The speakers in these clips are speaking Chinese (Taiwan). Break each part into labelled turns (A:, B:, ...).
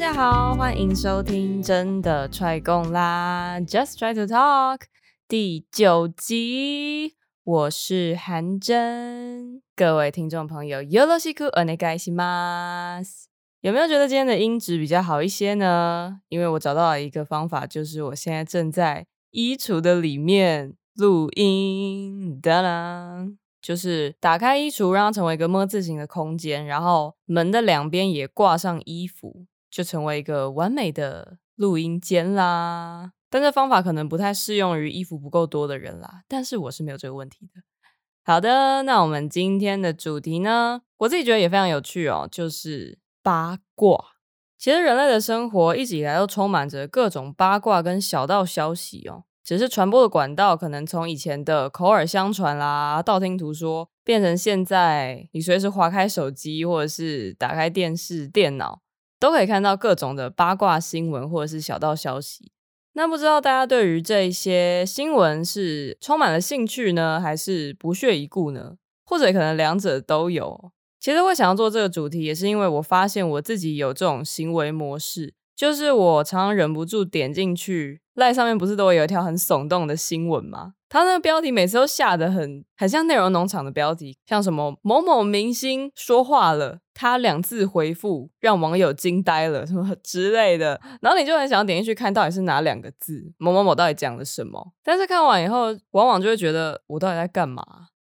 A: 大家好，歡迎收聽《真的踹功啦》，Just Try to Talk 第九集。我是韓真，各位聽眾朋友 y o s h お k u し n す。g a i s i m a s 有沒有覺得今天的音質比較好一些呢？因為我找到了一個方法，就是我現在正在衣櫥的裡面錄音。噠啦，就是打開衣櫥，讓它成為一個莫字形的空間，然後門的兩邊也掛上衣服。就成為一個完美的錄音間啦，但這方法可能不太適用於衣服不夠多的人啦。但是我是沒有這個問題的。好的，那我們今天的主題呢？我自己覺得也非常有趣哦，就是八卦。其實人類的生活一直以來都充滿着各種八卦跟小道消息哦，只是傳播的管道可能從以前的口耳相傳啦、道聽途說，變成現在你隨時滑開手機或者是打開電視、電腦。都可以看到各種的八卦新聞或者是小道消息。那不知道大家對於這一些新聞是充滿了興趣呢，還是不屑一顧呢？或者可能兩者都有。其實我想要做這個主題，也是因為我發現我自己有這種行為模式。就是我常常忍不住點進去，LINE 上面不是都會有一條很聳動的新聞嗎？它那個標題每次都下得很很像內容農場的標題，像什麼某某明星說話了，他兩字回復讓網友驚呆了什麼之類的，然後你就很想要點進去看到底是哪兩個字，某某某到底講了什麼？但是看完以後，往往就會覺得我到底在幹嘛？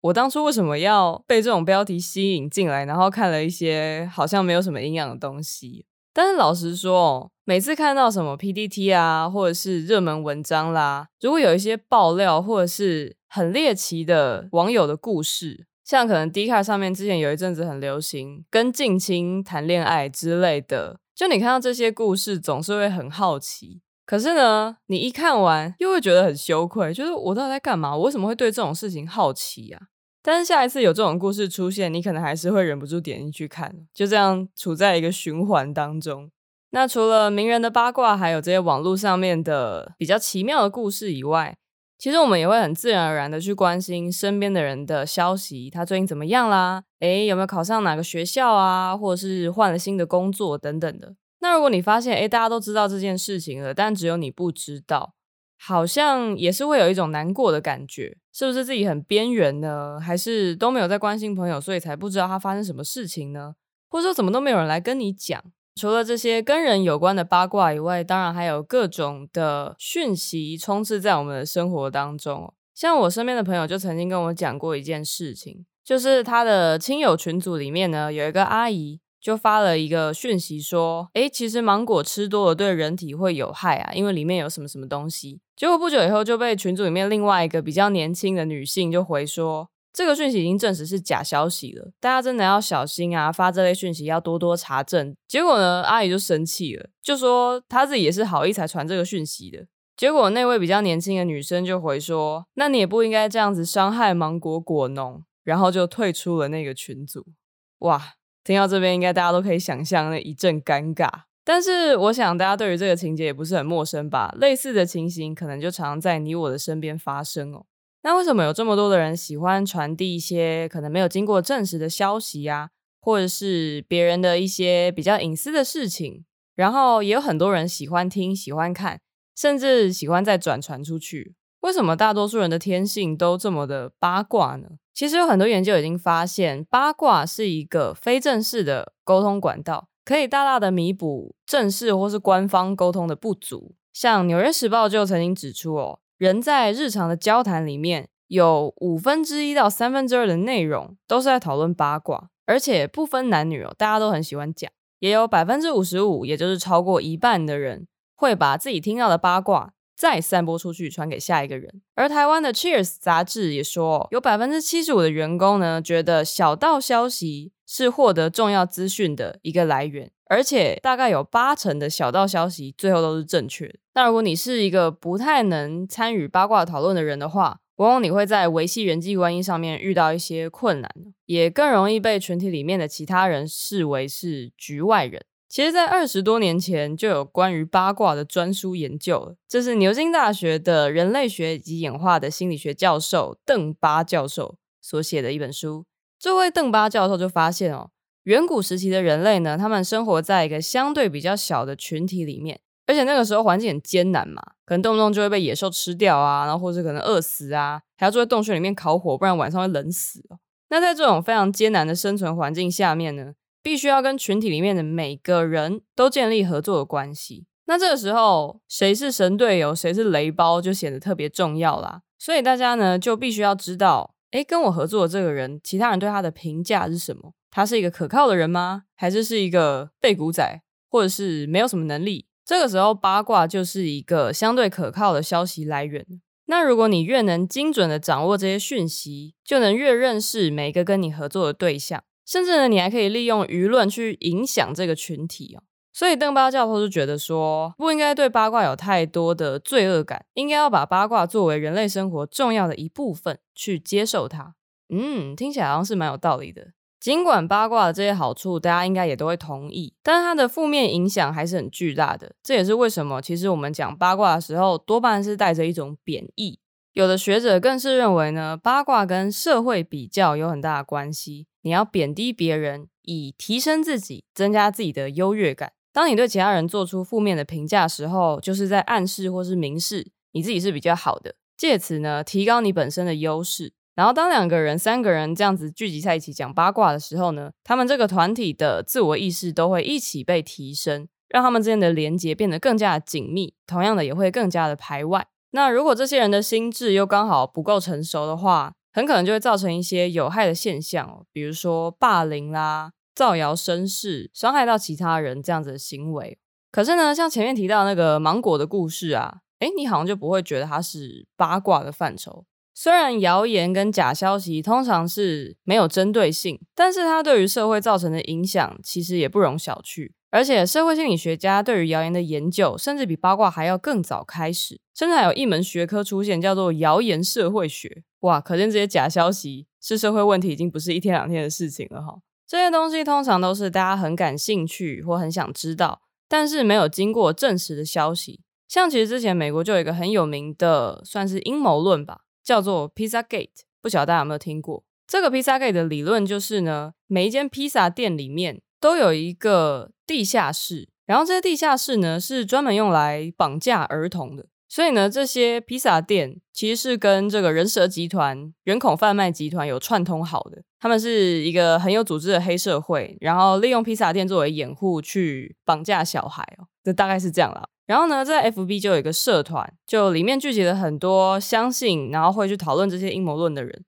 A: 我當初為什麼要被這種標題吸引進來？然後看了一些好像沒有什麼營養的東西。但是老實說，每次看到什麼 PTT 啊，或者是熱門文章啦，如果有一些爆料或者是很獵奇的網友的故事，像可能 Dcard 上面之前有一陣子很流行跟近親談戀愛之類的，就你看到這些故事，總是會很好奇。可是呢，你一看完又會覺得很羞愧，就是我到底在幹嘛？我為什麼會對這種事情好奇啊？但是下一次有這種故事出現，你可能還是會忍不住點進去看，就這樣處在一個循環當中。那除了名人的八卦，還有這些網絡上面的比較奇妙的故事以外，其實我們也會很自然而然的去關心身邊的人的消息，他最近怎麼樣啦？哎，有沒有考上哪個學校啊？或者是換了新的工作等等的。那如果你發現，哎，大家都知道這件事情了，但只有你不知道。好像也是會有一種難過的感覺，是不是自己很邊緣呢？還是都沒有在關心朋友，所以才不知道他發生什麼事情呢？或者說怎麼都沒有人來跟你講？除了這些跟人有關的八卦以外，當然還有各種的訊息充斥在我們的生活當中。像我身邊的朋友就曾經跟我講過一件事情，就是他的親友群組裡面呢，有一個阿姨。就發了一個訊息說，誒，其實芒果吃多了對人體會有害啊，因為裡面有什麼什麼東西。結果不久以後就被群組裡面另外一個比較年輕的女性就回說，這個訊息已經證實是假消息了，大家真的要小心啊，發這類訊息要多多查證。結果呢，阿姨就生氣了，就說她自己也是好意才傳這個訊息的。結果那位比較年輕的女生就回說，那你也不應該這樣子傷害芒果果農，然後就退出了那個群組。哇！聽到這邊，應該大家都可以想象那一陣尷尬。但是，我想大家對於這個情節也不是很陌生吧？類似的情形可能就常常在你我的身邊發生哦。那為什麼有這麼多的人喜歡傳遞一些可能沒有經過證實的消息啊，或者是別人的一些比較隱私的事情？然後也有很多人喜歡聽、喜歡看，甚至喜歡再轉傳出去。為什麼大多數人的天性都這麼的八卦呢？其實有很多研究已經發現，八卦是一個非正式的溝通管道，可以大大的彌補正式或是官方溝通的不足。像《紐約時報》就曾經指出，哦，人在日常的交談裡面有五分之一到三分之二的內容都是在討論八卦，而且不分男女哦，大家都很喜歡講。也有百分之五十五，也就是超過一半的人會把自己聽到的八卦，再散播出去，傳給下一個人。而台灣的 Cheers 雜誌也說，有百分之七十五的員工呢，覺得小道消息是獲得重要資訊的一個來源，而且大概有八成的小道消息最後都是正確的。那如果你是一個不太能參與八卦討論的人的話，往往你會在維繫人際關係上面遇到一些困難，也更容易被群體裡面的其他人視為是局外人。其實，在二十多年前就有關於八卦的專書研究，這是牛津大學的人類學以及演化的心理學教授鄧巴教授所寫的一本書。這位鄧巴教授就發現哦，遠古時期的人類呢，他們生活在一個相對比較小的群體裡面，而且那個時候環境很艱難嘛，可能動不動就會被野獸吃掉啊，然後或者可能餓死啊，還要坐在洞穴裡面烤火，不然晚上會冷死哦。那在這種非常艱難的生存環境下面呢，必須要跟群體裡面的每個人都建立合作的關係。那這個時候，誰是神隊友，誰是雷包就顯得特別重要啦。所以大家呢就必須要知道，哎、欸，跟我合作的這個人，其他人對他的評價是什麼？他是一個可靠的人嗎？還是是一個背骨仔，或者是沒有什麼能力？這個時候八卦就是一個相對可靠的消息來源。那如果你越能精準地掌握這些訊息，就能越認識每一個跟你合作的對象。甚至呢，你還可以利用輿論去影響這個群體哦。所以，鄧巴教授就覺得說，不應該對八卦有太多的罪惡感，應該要把八卦作為人類生活重要的一部分去接受它。嗯，聽起來好像是蠻有道理的。儘管八卦的這些好處，大家應該也都會同意，但是它的負面影響還是很巨大的。這也是為什麼，其實我們講八卦的時候，多半是帶着一種貶義。有的學者更是認為呢，八卦跟社會比較有很大的關係。你要貶低別人，以提升自己，增加自己的優越感。當你對其他人做出負面的評價的時候，就是在暗示或是明示你自己是比較好的，借此呢提高你本身的優勢。然後，當兩個人、三個人這樣子聚集在一起講八卦的時候呢，他們這個團體的自我意識都會一起被提升，讓他們之間的連結變得更加緊密，同樣的也會更加的排外。那如果這些人的心智又剛好不夠成熟的話，很可能就會造成一些有害的現象，比如說霸凌啦、造謠生事、傷害到其他人這樣子的行為。可是呢，像前面提到那個芒果的故事啊，哎，你好像就不會覺得它是八卦的範疇。雖然謠言跟假消息通常是沒有針對性，但是它對於社會造成的影響其實也不容小覷。而且社會心理學家對於謠言的研究，甚至比八卦還要更早開始，甚至還有一門學科出現，叫做謠言社會學。哇，可見這些假消息是社會問題，已經不是一天兩天的事情了哈。這些東西通常都是大家很感興趣或很想知道，但是沒有經過證實的消息。像其實之前美國就有一個很有名的，算是陰謀論吧。叫做 Pizza Gate，不曉得大家有沒有聽過？這個 Pizza Gate 的理論就是呢，每一間披薩店裡面都有一個地下室，然後這些地下室呢是專門用來綁架兒童的。所以呢，這些披薩店其實是跟這個人蛇集團、人口販賣集團有串通好的。他們是一個很有組織的黑社會，然後利用披薩店作為掩護去綁架小孩哦，就大概是這樣啦。然後呢，在 FB 就有一個社團，就裡面聚集了很多相信，然後會去討論這些陰謀論的人。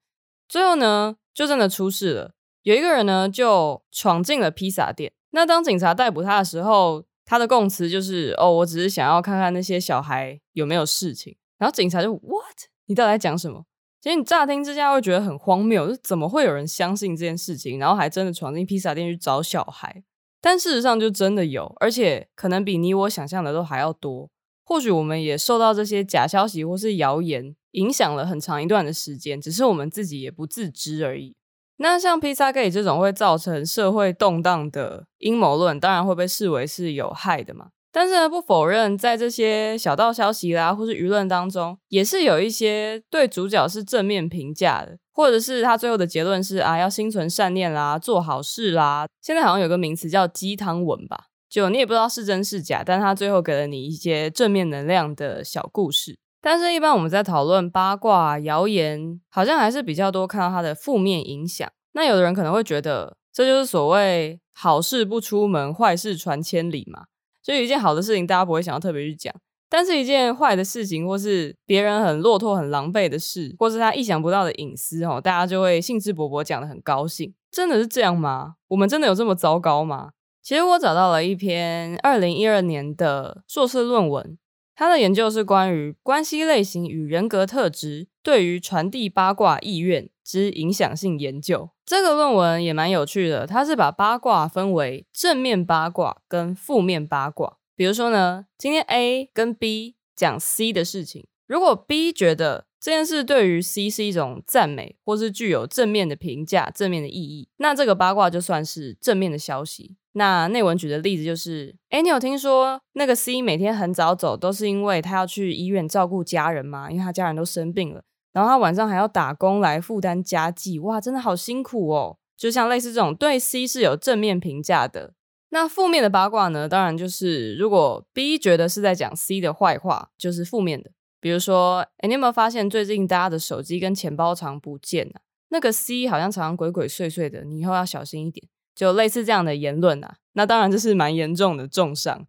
A: 最後呢，就真的出事了，有一個人呢就闖進了披薩店。那當警察逮捕他的時候，他的供詞就是：“哦，我只是想要看看那些小孩有沒有事情。”然後警察就：“What？你到底在講什麼？”其實你乍聽之下會覺得很荒謬，就怎麼會有人相信這件事情，然後還真的闖進披薩店去找小孩。但事實上，就真的有，而且可能比你我想象的都還要多。或許我們也受到這些假消息或是謠言影響了很長一段的時間，只是我們自己也不自知而已。那像 Pizzagate 這種會造成社會動盪的陰謀論，當然會被視為是有害的嘛。但是呢，不否認，在這些小道消息啦或是輿論當中，也是有一些對主角是正面評價的。或者是他最後的結論是啊，要心存善念啦，做好事啦。現在好像有個名詞叫雞湯文吧，就你也不知道是真是假，但他最後給了你一些正面能量的小故事。但是，一般我們在討論八卦、啊、謠言，好像還是比較多看到它的負面影響。那有的人可能會覺得，這就是所謂好事不出門，壞事傳千里嘛。所以有一件好的事情，大家不會想要特別去講。但是一件壞的事情，或是別人很落魄、很狼狽的事，或是他意想不到的隱私哦，大家就會興致勃勃講得很高興。真的是這樣嗎？我們真的有這麼糟糕嗎？其實我找到了一篇二零一二年的碩士論文，它的研究是關於關係類型與人格特質對於傳遞八卦意願之影響性研究。這個論文也蠻有趣的，它是把八卦分為正面八卦跟負面八卦。比如說呢，今天 A 跟 B 講 C 的事情，如果 B 覺得這件事對於 C 是一種讚美，或是具有正面的評價、正面的意義，那這個八卦就算是正面的消息。那內文舉的例子就是：誒，你有聽說那個 C 每天很早走，都是因為他要去醫院照顧家人嘛，因為他家人都生病了，然後他晚上還要打工來負擔家計，哇，真的好辛苦哦！就像類似這種對 C 是有正面評價的。那負面的八卦呢？當然就是如果 B 覺得是在講 C 的壞話，就是負面的。比如說，欸，你有沒有發現最近大家的手機跟錢包常不見啊？那個 C 好像常常鬼鬼祟祟的，你以後要小心一點。就類似這樣的言論啊，那當然這是蠻嚴重的中傷。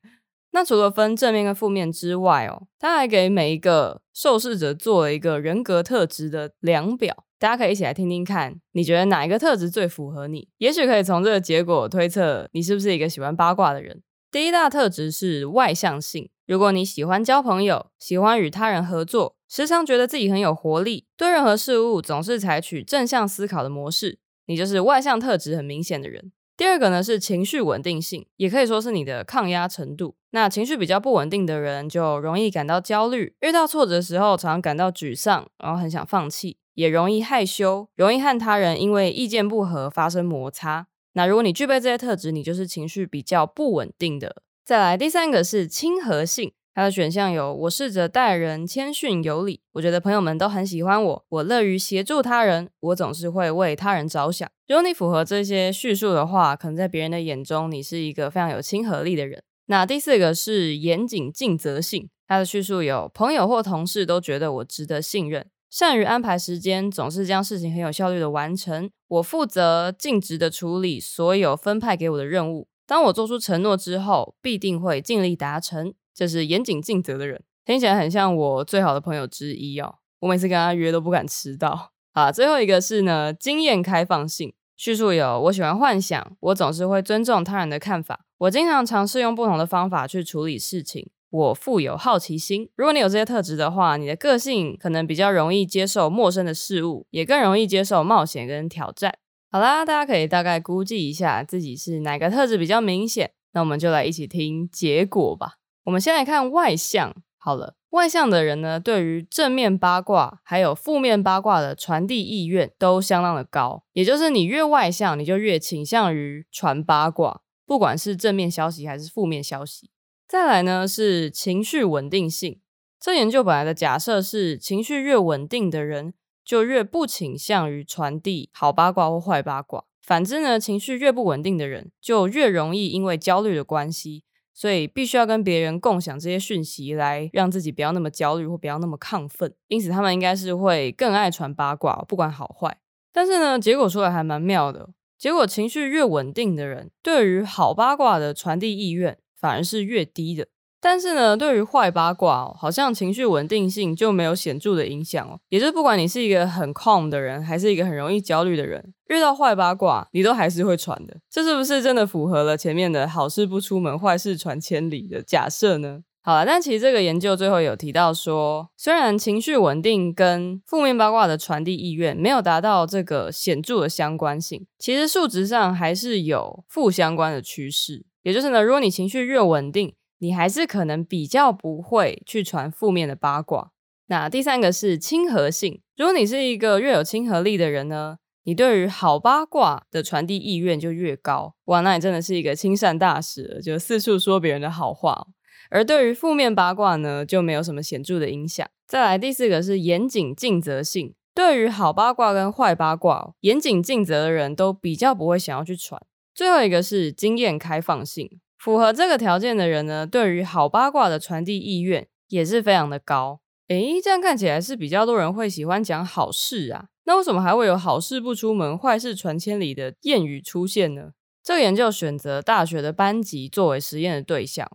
A: 那除了分正面跟負面之外哦，他還給每一個受試者做了一個人格特質的量表。大家可以一起來聽聽看，你覺得哪一個特質最符合你？也許可以從這個結果推測你是不是一個喜歡八卦的人。第一大特質是外向性，如果你喜歡交朋友，喜歡與他人合作，時常覺得自己很有活力，對任何事物總是採取正向思考的模式，你就是外向特質很明顯的人。第二個呢，是情緒穩定性，也可以說是你的抗壓程度。那情緒比較不穩定的人就容易感到焦慮，遇到挫折的時候常常感到沮喪，然後很想放棄。也容易害羞，容易和他人因為意見不合發生摩擦。那如果你具備這些特質，你就是情緒比較不穩定的。再來，第三個是親和性，它的選項有：我試着待人謙遜有禮，我覺得朋友們都很喜歡我，我樂於協助他人，我總是會為他人着想。如果你符合這些敘述的話，可能在別人的眼中，你是一個非常有親和力的人。那第四個是嚴謹盡責性，它的敘述有：朋友或同事都覺得我值得信任。善於安排時間，總是將事情很有效率的完成。我負責盡職的處理所有分派給我的任務。當我做出承諾之後，必定會盡力達成。這是嚴謹盡責的人，聽起來很像我最好的朋友之一哦。我每次跟他約都不敢遲到。啊，最後一個是呢，經驗開放性。敘述有，我喜歡幻想，我總是會尊重他人的看法，我經常嘗試用不同的方法去處理事情。我富有好奇心。如果你有這些特質的話，你的個性可能比較容易接受陌生的事物，也更容易接受冒險跟挑戰。好啦，大家可以大概估計一下自己是哪個特質比較明顯。那我們就來一起聽結果吧。我們先來看外向。好了，外向的人呢，對於正面八卦還有負面八卦的傳遞意願都相當的高。也就是你越外向，你就越傾向於傳八卦，不管是正面消息還是負面消息。再來呢，是情緒穩定性。這研究本來的假設是，情緒越穩定的人就越不傾向於傳遞好八卦或壞八卦。反之呢，情緒越不穩定的人就越容易因為焦慮的關係，所以必須要跟別人共享這些訊息，來讓自己不要那麼焦慮或不要那麼亢奮。因此，他們應該是會更愛傳八卦，不管好壞。但是呢，結果出來還蠻妙的。結果，情緒越穩定的人，對於好八卦的傳遞意願，反而是越低的，但是呢，對於壞八卦哦，好像情緒穩定性就沒有顯著的影響哦。也就是不管你是一個很 calm 的人，還是一個很容易焦慮的人，遇到壞八卦，你都還是會傳的。這是不是真的符合了前面的好事不出門、壞事傳千里的假設呢？好了，但其實這個研究最後有提到說，雖然情緒穩定跟負面八卦的傳遞意願沒有達到這個顯著的相關性，其實數值上還是有負相關的趨勢。也就是呢，如果你情緒越穩定，你還是可能比較不會去傳負面的八卦。那第三個是親和性，如果你是一個越有親和力的人呢，你對於好八卦的傳遞意願就越高。哇，那你真的是一個親善大使，就四處說別人的好話哦。而對於負面八卦呢，就沒有什麼顯著的影響。再來第四個是嚴謹盡責性，對於好八卦跟壞八卦哦，嚴謹盡責的人都比較不會想要去傳。最後一個是經驗開放性，符合這個條件的人呢，對於好八卦的傳遞意願也是非常的高。誒，這樣看起來是比較多人會喜歡講好事啊，那為什麼還會有好事不出門，壞事傳千里的諺語出現呢？這個研究選擇大學的班級作為實驗的對象，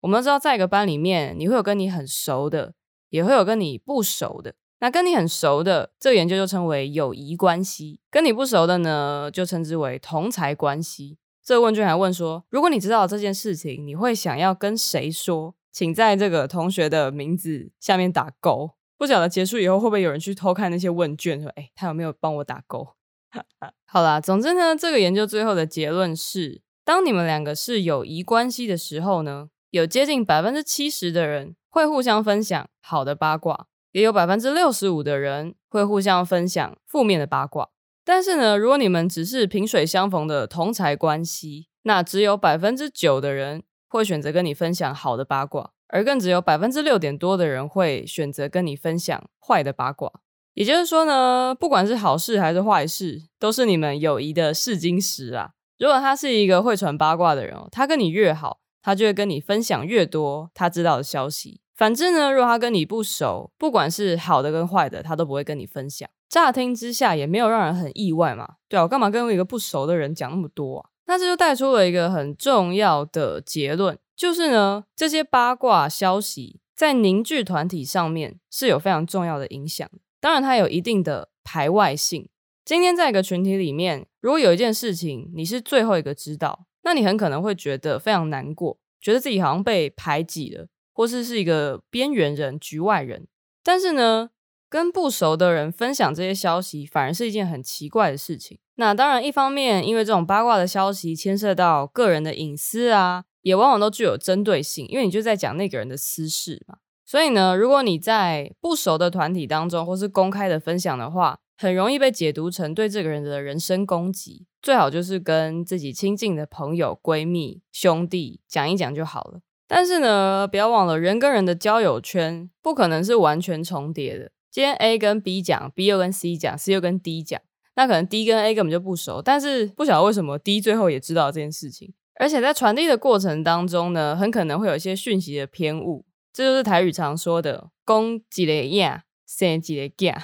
A: 我們知道在一個班裡面，你會有跟你很熟的，也會有跟你不熟的。那跟你很熟的，這個研究就稱為友誼關係；跟你不熟的呢，就稱之為同儕關係。這個、問卷還問說，如果你知道這件事情，你會想要跟誰說？請在這個同學的名字下面打勾。不曉得結束以後會不會有人去偷看那些問卷，說哎，他有沒有幫我打勾？ 好啦，總之呢，這個研究最後的結論是，當你們兩個是友誼關係的時候呢，有接近百分之七十的人會互相分享好的八卦。也有百分之六十五的人會互相分享負面的八卦，但是呢，如果你們只是萍水相逢的同儕關係，那只有百分之九的人會選擇跟你分享好的八卦，而更只有百分之六點多的人會選擇跟你分享壞的八卦。也就是說呢，不管是好事還是壞事，都是你們友誼的試金石啊。如果他是一個會傳八卦的人哦，他跟你越好，他就會跟你分享越多他知道的消息。反正呢，如果他跟你不熟，不管是好的跟壞的，他都不會跟你分享。乍聽之下也沒有讓人很意外嘛。對啊，我幹嘛跟一個不熟的人講那麼多啊？那這就帶出了一個很重要的結論，就是呢，這些八卦消息在凝聚團體上面是有非常重要的影響。當然，它有一定的排外性。今天在一個群體裡面，如果有一件事情你是最後一個知道，那你很可能會覺得非常難過，覺得自己好像被排擠了。或是是一個邊緣人、局外人，但是呢，跟不熟的人分享這些消息，反而是一件很奇怪的事情。那當然，一方面因為這種八卦的消息牽涉到個人的隱私啊，也往往都具有針對性，因為你就在講那個人的私事嘛。所以呢，如果你在不熟的團體當中，或是公開的分享的話，很容易被解讀成對這個人的人身攻擊。最好就是跟自己親近的朋友、閨蜜、兄弟講一講就好了。但是呢，不要忘了，人跟人的交友圈不可能是完全重疊的。今天 A 跟 B 講，B 又跟 C 講，C 又跟 D 講，那可能 D 跟 A 根本就不熟，但是不曉得為什麼 D 最後也知道這件事情。而且在傳遞的過程當中呢，很可能會有一些訊息的偏誤，這就是台語常說的“公幾的樣，生幾的樣。”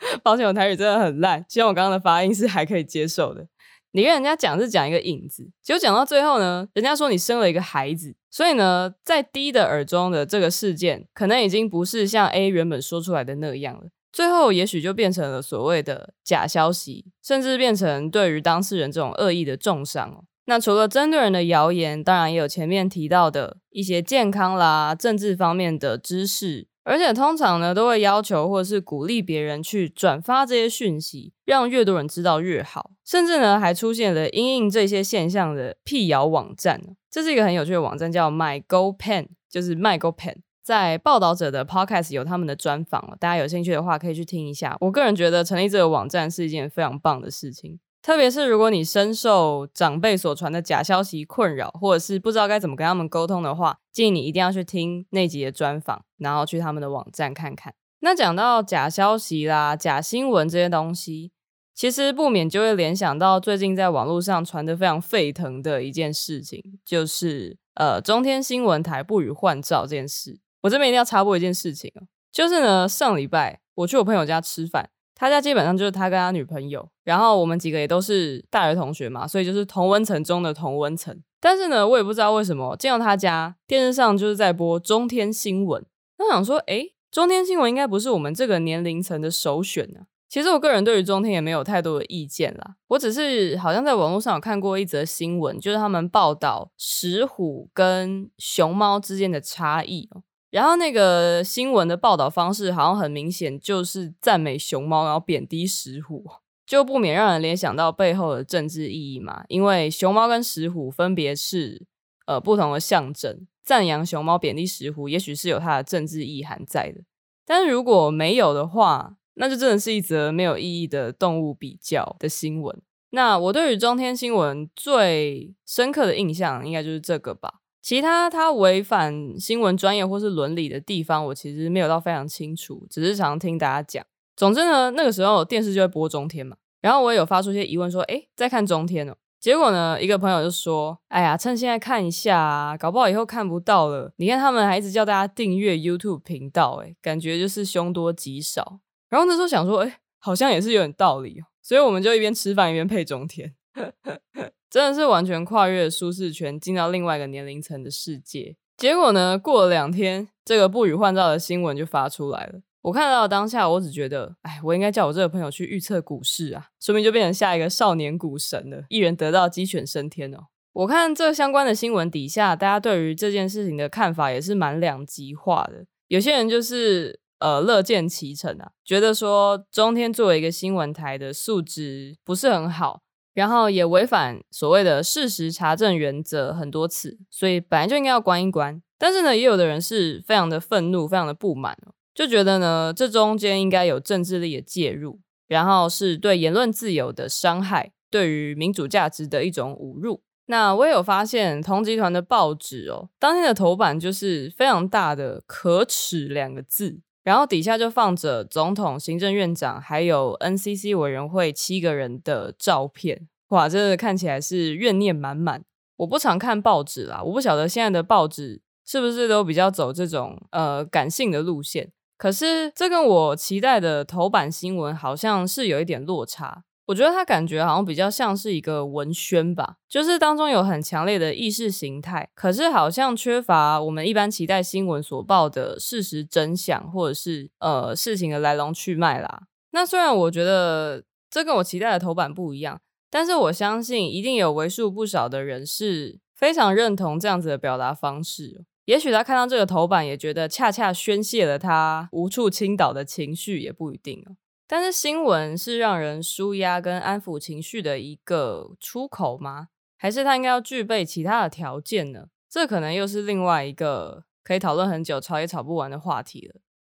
A: 抱歉，我台語真的很爛，希望我剛剛的發音是還可以接受的。你跟人家講是講一個影子，結果講到最後呢，人家說你生了一個孩子，所以呢，在 D 的耳中的這個事件，可能已經不是像 A 原本說出來的那樣了。最後也許就變成了所謂的假消息，甚至變成對於當事人這種惡意的重傷。那除了針對人的謠言，當然也有前面提到的一些健康啦、政治方面的知識。而且通常呢，都會要求或者是鼓勵別人去轉發這些訊息，讓越多人知道越好。甚至呢，還出現了因應這些現象的闢謠網站。這是一個很有趣的網站，叫 MyGoPen，就是 MyGoPen。在報道者的 Podcast 有他們的專訪，大家有興趣的話可以去聽一下。我個人覺得成立這個網站是一件非常棒的事情。特別是如果你深受長輩所傳的假消息困擾，或者是不知道該怎麼跟他們溝通的話，建議你一定要去聽那集的專訪，然後去他們的網站看看。那講到假消息啦、假新聞這些東西，其實不免就會聯想到最近在網絡上傳得非常沸騰的一件事情，就是呃中天新聞台不予換照這件事。我這邊一定要插播一件事情喔，就是呢上禮拜我去我朋友家吃飯。他家基本上就是他跟他女朋友，然後我們幾個也都是大學同學嘛，所以就是同溫層中的同溫層。但是呢，我也不知道為什麼見到他家電視上就是在播中天新聞，那我想說，誒，中天新聞應該不是我們這個年齡層的首選啊。其實我個人對於中天也沒有太多的意見啦，我只是好像在網絡上有看過一則新聞，就是他們報道石虎跟熊貓之間的差異。然後那個新聞的報道方式好像很明顯，就是讚美熊貓，然後貶低石虎，就不免讓人聯想到背後的政治意義嘛。因為熊貓跟石虎分別是呃不同的象徵，讚揚熊貓，貶低石虎，也許是有它的政治意涵在的。但是如果沒有的話，那就真的是一則沒有意義的動物比較的新聞。那我對於中天新聞最深刻的印象，應該就是這個吧。其他他違反新聞專業或是倫理的地方，我其實沒有到非常清楚，只是常聽大家講。總之呢，那個時候電視就會播中天嘛，然後我也有發出一些疑問說，哎、欸，在看中天哦、喔。結果呢，一個朋友就說，哎呀，趁現在看一下啊，搞不好以後看不到了。你看他們還一直叫大家訂閱 YouTube 頻道、欸，誒，感覺就是凶多吉少。然後那時候想說，哎、欸，好像也是有點道理、喔，所以我們就一邊吃飯一邊配中天。呵呵呵， 真的是完全跨越舒適圈，進到另外一個年齡層的世界。結果呢，過了兩天，這個不予換照的新聞就發出來了。我看到當下，我只覺得，哎，我應該叫我這個朋友去預測股市啊，說不定就變成下一個少年股神了，一人得道雞犬升天哦。我看這相關的新聞底下，大家對於這件事情的看法也是蠻兩極化的。有些人就是呃樂見其成啊，覺得說中天作為一個新聞台的素質不是很好。然後也違反所謂的事實查證原則很多次，所以本來就應該要關一關。但是呢，也有的人是非常的憤怒、非常的不滿，就覺得呢，這中間應該有政治力的介入，然後是對言論自由的傷害，對於民主價值的一種侮辱。那我也有發現，同集團的報紙哦，當天的頭版就是非常大的“可恥”兩個字。然後底下就放着總統、行政院長還有 NCC 委員會七個人的照片，哇，這看起來是怨念滿滿。我不常看報紙啦，我不曉得現在的報紙是不是都比較走這種呃感性的路線，可是這跟我期待的頭版新聞好像是有一點落差。我覺得他感覺好像比較像是一個文宣吧，就是當中有很強烈的意識形態，可是好像缺乏我們一般期待新聞所報的事實真相，或者是呃事情的來龍去脈啦。那雖然我覺得這跟我期待的頭版不一樣，但是我相信一定有為數不少的人是非常認同這樣子的表達方式。也許他看到這個頭版也覺得恰恰宣洩了他無處傾倒的情緒，也不一定喔。但是新聞是讓人紓壓跟安撫情緒的一個出口嗎？還是它應該要具備其他的條件呢？這可能又是另外一個可以討論很久、吵也吵不完的話題了。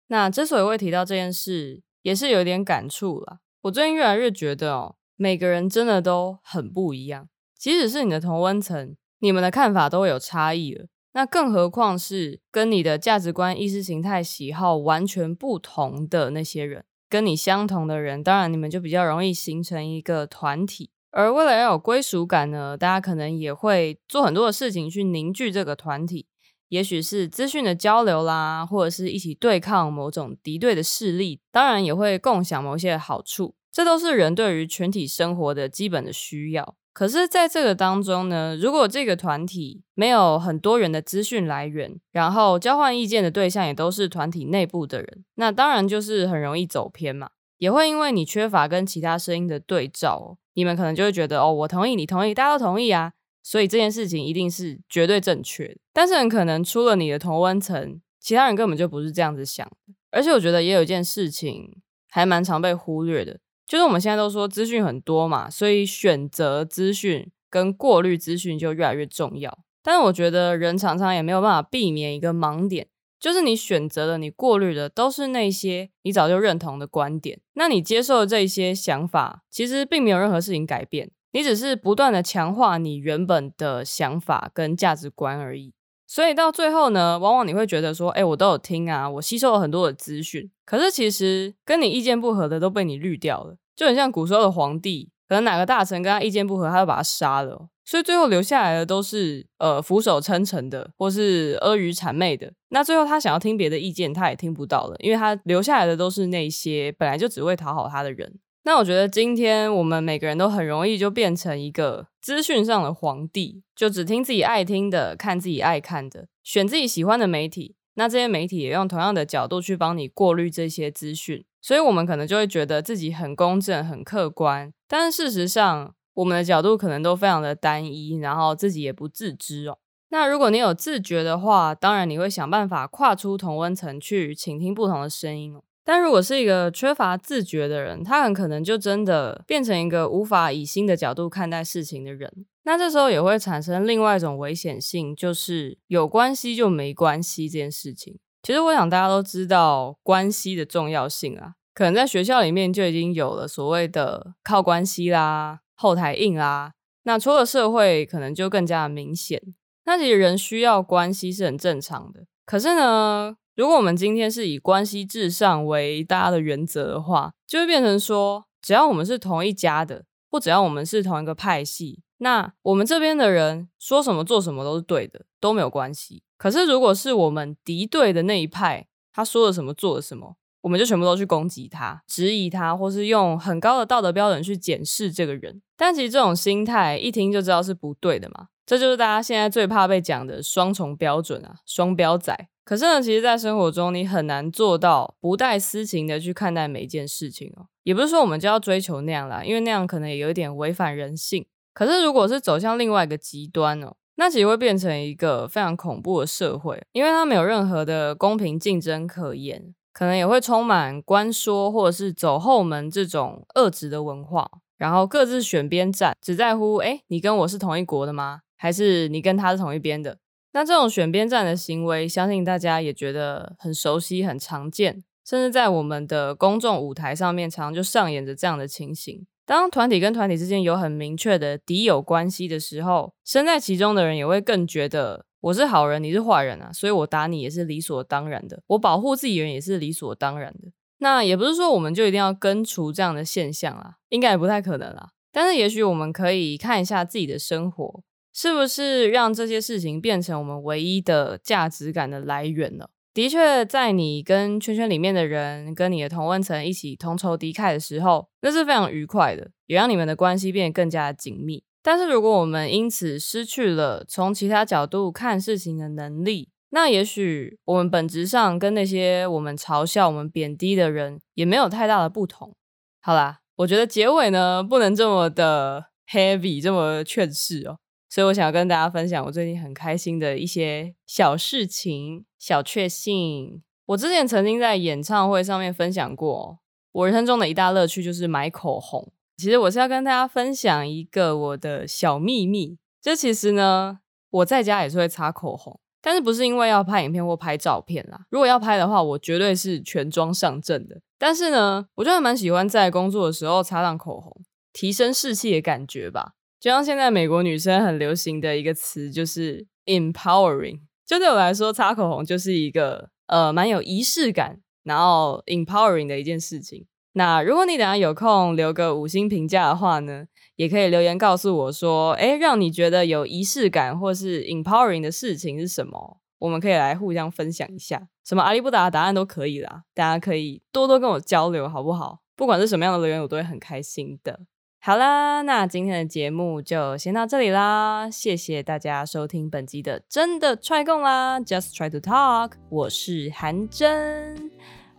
A: 那之所以會提到這件事，也是有點感觸啦。我最近越來越覺得哦，每個人真的都很不一樣，即使是你的同溫層，你們的看法都會有差異了。那更何況是跟你的價值觀、意識形態、喜好完全不同的那些人。跟你相同的人，當然你們就比較容易形成一個團體。而為了要有歸屬感呢，大家可能也會做很多的事情去凝聚這個團體，也許是資訊的交流啦，或者是一起對抗某種敵對的勢力，當然也會共享某些好處。這都是人對於群體生活的基本的需要。可是，在這個當中呢，如果這個團體沒有很多元的資訊來源，然後交換意見的對象也都是團體內部的人，那當然就是很容易走偏嘛。也會因為你缺乏跟其他聲音的對照，你們可能就會覺得哦，我同意，你同意，大家都同意啊，所以這件事情一定是絕對正確的。但是，很可能出了你的同溫層，其他人根本就不是這樣子想的。而且，我覺得也有一件事情還蠻常被忽略的。就是我們現在都說資訊很多嘛，所以選擇資訊跟過濾資訊就越來越重要。但是我覺得人常常也沒有辦法避免一個盲點，就是你選擇的、你過濾的都是那些你早就認同的觀點。那你接受的這些想法，其實並沒有任何事情改變，你只是不斷地強化你原本的想法跟價值觀而已。所以到最後呢，往往你會覺得說：“哎，我都有聽啊，我吸收了很多的資訊。”可是其實跟你意見不合的都被你濾掉了，就很像古時候的皇帝，可能哪個大臣跟他意見不合，他就把他殺了。所以最後留下來的都是呃俯首稱臣的，或是阿諛諂媚的。那最後他想要聽別的意見，他也聽不到了，因為他留下來的都是那些本來就只會討好他的人。那我覺得今天我們每個人都很容易就變成一個資訊上的皇帝，就只聽自己愛聽的，看自己愛看的，選自己喜歡的媒體。那這些媒體也用同樣的角度去幫你過濾這些資訊，所以我們可能就會覺得自己很公正、很客觀，但是事實上，我們的角度可能都非常的單一，然後自己也不自知哦。那如果你有自覺的話，當然你會想辦法跨出同溫層去傾聽不同的聲音哦。但如果是一個缺乏自覺的人，他很可能就真的變成一個無法以新的角度看待事情的人。那這時候也會產生另外一種危險性，就是有關係就沒關係這件事情。其實我想大家都知道關係的重要性啊，可能在學校裡面就已經有了所謂的靠關係啦、後台硬啦。那除了社會，可能就更加的明顯。那其實人需要關係是很正常的，可是呢，如果我們今天是以關係至上為大家的原則的話，就會變成說，只要我們是同一家的。只要我們是同一個派系，那我們這邊的人說什麼、做什麼都是對的，都沒有關係。可是如果是我們敵對的那一派，他說了什麼、做了什麼，我們就全部都去攻擊他、質疑他，或是用很高的道德標準去檢視這個人。但其實這種心態一聽就知道是不對的嘛，這就是大家現在最怕被講的雙重標準啊，雙標仔。可是呢，其實，在生活中你很難做到不帶私情的去看待每一件事情哦。也不是說我們就要追求那樣啦，因為那樣可能也有一點違反人性。可是如果是走向另外一個極端哦，那其實會變成一個非常恐怖的社會，因為它沒有任何的公平競爭可言，可能也會充滿關說或者是走後門這種惡質的文化，然後各自選邊站，只在乎哎、欸，你跟我是同一國的嗎？還是你跟他是同一邊的？那這種選邊站的行為，相信大家也覺得很熟悉、很常見。甚至在我們的公眾舞台上面，常常就上演着這樣的情形。當團體跟團體之間有很明確的敵友關係的時候，身在其中的人也會更覺得我是好人，你是壞人啊，所以我打你也是理所當然的，我保護自己人也是理所當然的。那也不是說我們就一定要根除這樣的現象啊，應該也不太可能啊。但是也許我們可以看一下自己的生活，是不是讓這些事情變成我們唯一的價值感的來源了？的確，在你跟圈圈裡面的人，跟你的同溫層一起同仇敵愾的時候，那是非常愉快的，也讓你們的關係變得更加緊密。但是，如果我們因此失去了從其他角度看事情的能力，那也許我們本質上跟那些我們嘲笑、我們貶低的人也沒有太大的不同。好啦，我覺得結尾呢，不能這麼的 heavy，這麼勸世哦。所以我想要跟大家分享我最近很開心的一些小事情、小確幸。我之前曾經在演唱會上面分享過，我人生中的一大樂趣就是買口紅。其實我是要跟大家分享一個我的小秘密，這其實呢，我在家也是會擦口紅，但是不是因為要拍影片或拍照片啦。如果要拍的話，我絕對是全妝上陣的。但是呢，我就還蠻喜歡在工作的時候擦上口紅，提升士氣的感覺吧。就像現在美國女生很流行的一個詞就是 empowering。就對我來說，擦口紅就是一個呃蠻有儀式感，然後 empowering 的一件事情。那如果你等下有空留個五星評價的話呢，也可以留言告訴我說，哎，讓你覺得有儀式感或是 empowering 的事情是什麼？我們可以來互相分享一下，什麼阿里不達的答案都可以啦。大家可以多多跟我交流，好不好？不管是什麼樣的留言，我都會很開心的。好啦，那今天的節目就先到這裡啦。謝謝大家收聽本集的真的踹共啦，Just try to talk。我是涵真。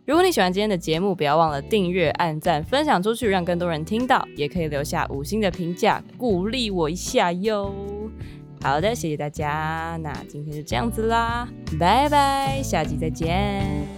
A: 如果你喜歡今天的節目，不要忘了訂閱、按讚、分享出去，讓更多人聽到。也可以留下五星的評價，鼓勵我一下喲。好的，謝謝大家。那今天就這樣子啦，拜拜，下集再見。